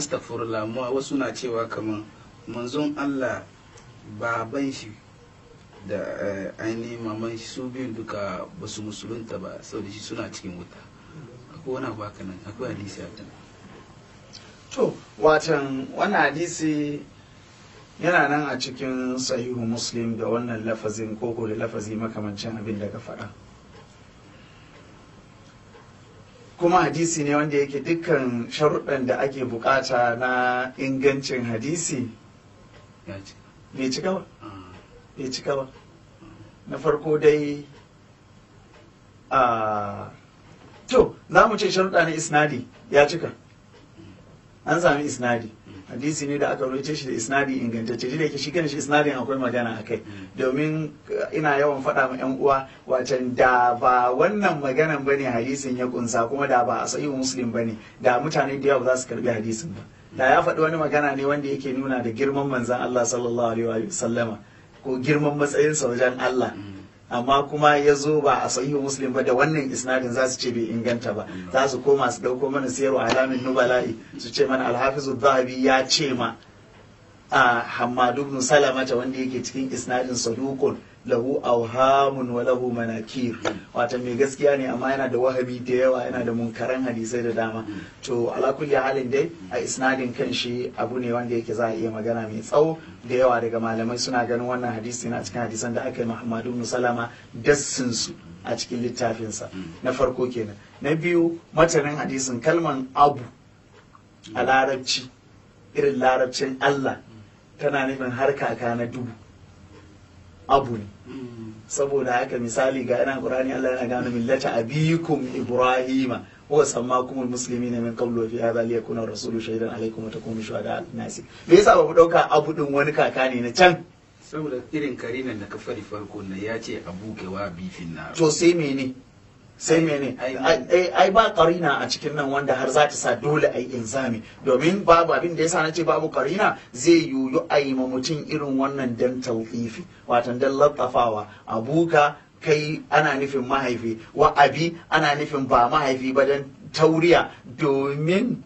astaghfirullah mu wasu na cewa kaman manzon Allah baban shi da eh, ainihin maman shi su biyun duka ba su musulunta ba saboda shi suna cikin wuta akwai wani abu haka nan akwai hadisi a nan to watan wannan hadisi yana nan a cikin sahihu muslim da wannan lafazin koko da lafazi makamancin abin da ka faɗa kuma hadisi ne wanda yake dukkan sharuɗan da ake bukata na ingancin hadisi bai cika ba ah. bai cika ba na farko dai a to za mu ce sharuɗa na isnadi ya cika an sami isnadi hadisi ne da aka rubuce shi da isnadi ingantacce da yake shi kanshi isnadin akwai magana a kai hmm. domin eh, ina yawan faɗa ma yan uwa wacan da ba wannan maganan bane hadisin ya kunsa kuma da ba a sahihu muslim bane da mutane da yawa za su karbi hadisin ba da ya faɗi wani magana ne wanda yake nuna da girman manzon Allah sallallahu alaihi wa sallama ko girman matsayinsa wajen Allah hmm. amma kuma ya zo ba a sahihu muslim ba da wannan isnadin za su ce bai inganta ba mm. za su koma su dauko mana sayarwa alamin nubala'i su ce mana alhafizu zahabi ya ce ma a hamadu bin salama ta wanda yake cikin isnadin sadukun lahu awhamun wa lahu manakir wata mai gaskiya ne amma yana da wahabi da yawa yana da munkaran hadisai da dama to ala kulli halin dai a isnadin kan shi abu ne wanda yake za a iya magana mai tsawo da yawa daga malamai suna ganin wannan hadisi na cikin hadisan da aka yi muhammadu bin salama dassin su a cikin littafinsa na farko kenan na biyu matanin hadisin kalman abu a larabci irin larabcin Allah tana nufin har kaka na dubu abu ne saboda haka misali ga yanar ƙurani Allah yana gano millata abikum ibrahima wa musulmi ne min qablu fi hadha liyakuna rasulu shaidan alaikum ta kuma shuwa da nasi me yasa ba ku abu ɗin wani kaka ne na can saboda irin karinan da ka fari farko na ya ce abu kewa bifin na to sai mene sai mene ai ba karina a cikin nan wanda har za ta sa dole ai inzami domin babu abin da yasa na ce babu karina zai yuyu ai ma mutum irin wannan dan tawfifi watan dan lattafawa abuka kai ana nufin mahaifi wa abi ana nufin ba mahaifi ba dan tauriya domin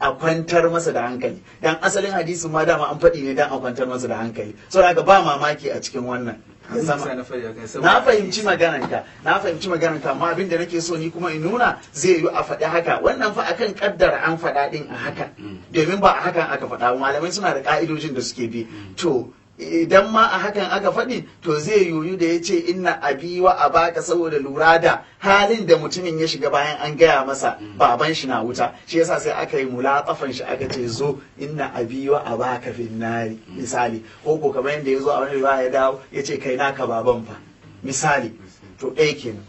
a kwantar masa da hankali dan asalin hadisin ma dama an faɗi ne dan a kwantar masa da hankali saboda ba mamaki a cikin wannan na fahimci maganarka na fahimci maganarka amma abin da nake so ni kuma in nuna zai yi a faɗi haka wannan fa akan kaddar an faɗa din a haka mm. domin ba a hakan aka faɗa malamai suna da ka'idojin da suke bi mm. to idan ma a hakan aka faɗi to zai yoyu da ya ce inna abi wa a baka saboda lura da halin da mutumin ya shiga bayan an gaya masa baban shi na wuta shi yasa sai aka yi mulatsafan shi aka ce zo inna abi wa a baka finnari misali ko ko kamar yadda ya zo a wani riwaya ya dawo ya ce kai naka baban fa misali to ɗaya kenan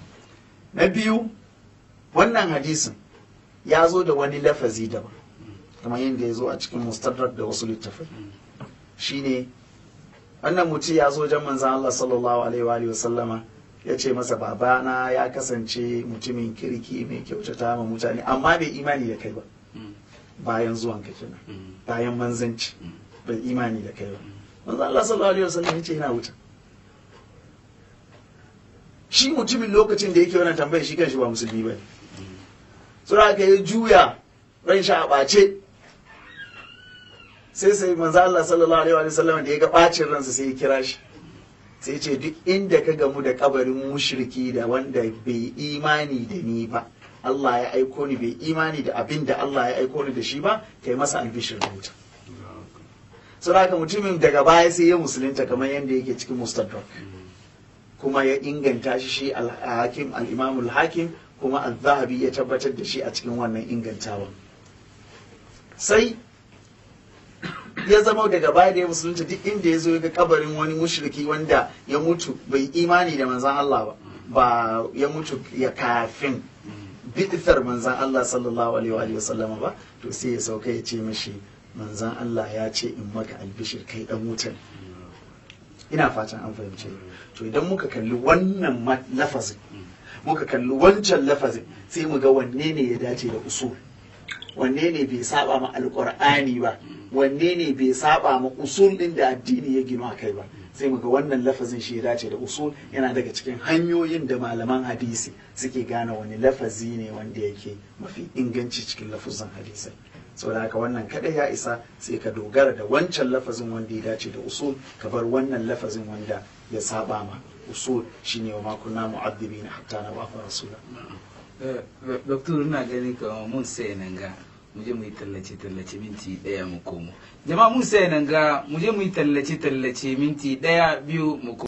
na biyu wannan hadisin ya zo da wani lafazi daban kamar yadda ya zo a cikin mustadrak da wasu littafai shine wannan mutum ya zo jan manzan Allah sallallahu alaihi wa sallama ya ce masa babana ya kasance mutumin kirki mai kyautata ma mutane amma bai imani da kai ba mm. bayan zuwan ka kenan mm. bayan manzanci mm. bai imani da kai ba manzan Allah sallallahu alaihi wa sallam ya ce yana wuta shi mutumin lokacin da yake wannan tambayar shi kanshi ba musulmi ba ne. Sura ka juya ran shi a ɓace sai sai manzo Allah sallallahu alaihi wa sallam da ya ga bacin ransa sai ya kira shi sai ce duk inda ka gamu da kabarin mushriki da wanda bai imani da ni ba Allah ya aiko ni bai imani da abin da Allah ya aiko ni da shi ba kai masa albishir wuta saboda mutumin daga baya sai ya musulunta kamar yadda yake cikin mustadrak kuma ya inganta shi shi al-hakim al-imam al-hakim kuma al-zahabi ya tabbatar da shi a cikin wannan ingantawa sai ya zama daga baya da ya musulunta duk inda ya zo ga kabarin wani mushriki wanda ya mutu bai imani da manzan Allah ba ba ya mutu ya kafin bitar manzan Allah sallallahu alaihi wa sallama ba to sai ya sauka ya ce mashi manzan Allah ya ce in maka albishir kai dan wutan ina fatan an fahimce to idan muka kalli wannan lafazin muka kalli wancan lafazin sai mu ga wanne ne ya dace da usul wanne ne bai saba ma alkur'ani ba wanne ne bai saba ma usul din da addini ya gino kai ba sai muga wannan lafazin shi ya dace da usul yana daga cikin hanyoyin da malaman hadisi suke gane wani lafazi ne wanda yake mafi inganci cikin lafazin hadisai saboda haka wannan kaɗai ya isa sai ka dogara da wancan lafazin wanda ya dace da usul ka bar wannan lafazin wanda ya saba ma usul shine wa ma kunna mu'addibina hatta na ba rasula doktor ina ganin kamar mun sai nan ga mu je mu yi tallace tallace minti daya mu komo jama'a mun sai nan ga mu je mu yi tallace tallace minti daya biyu mu komo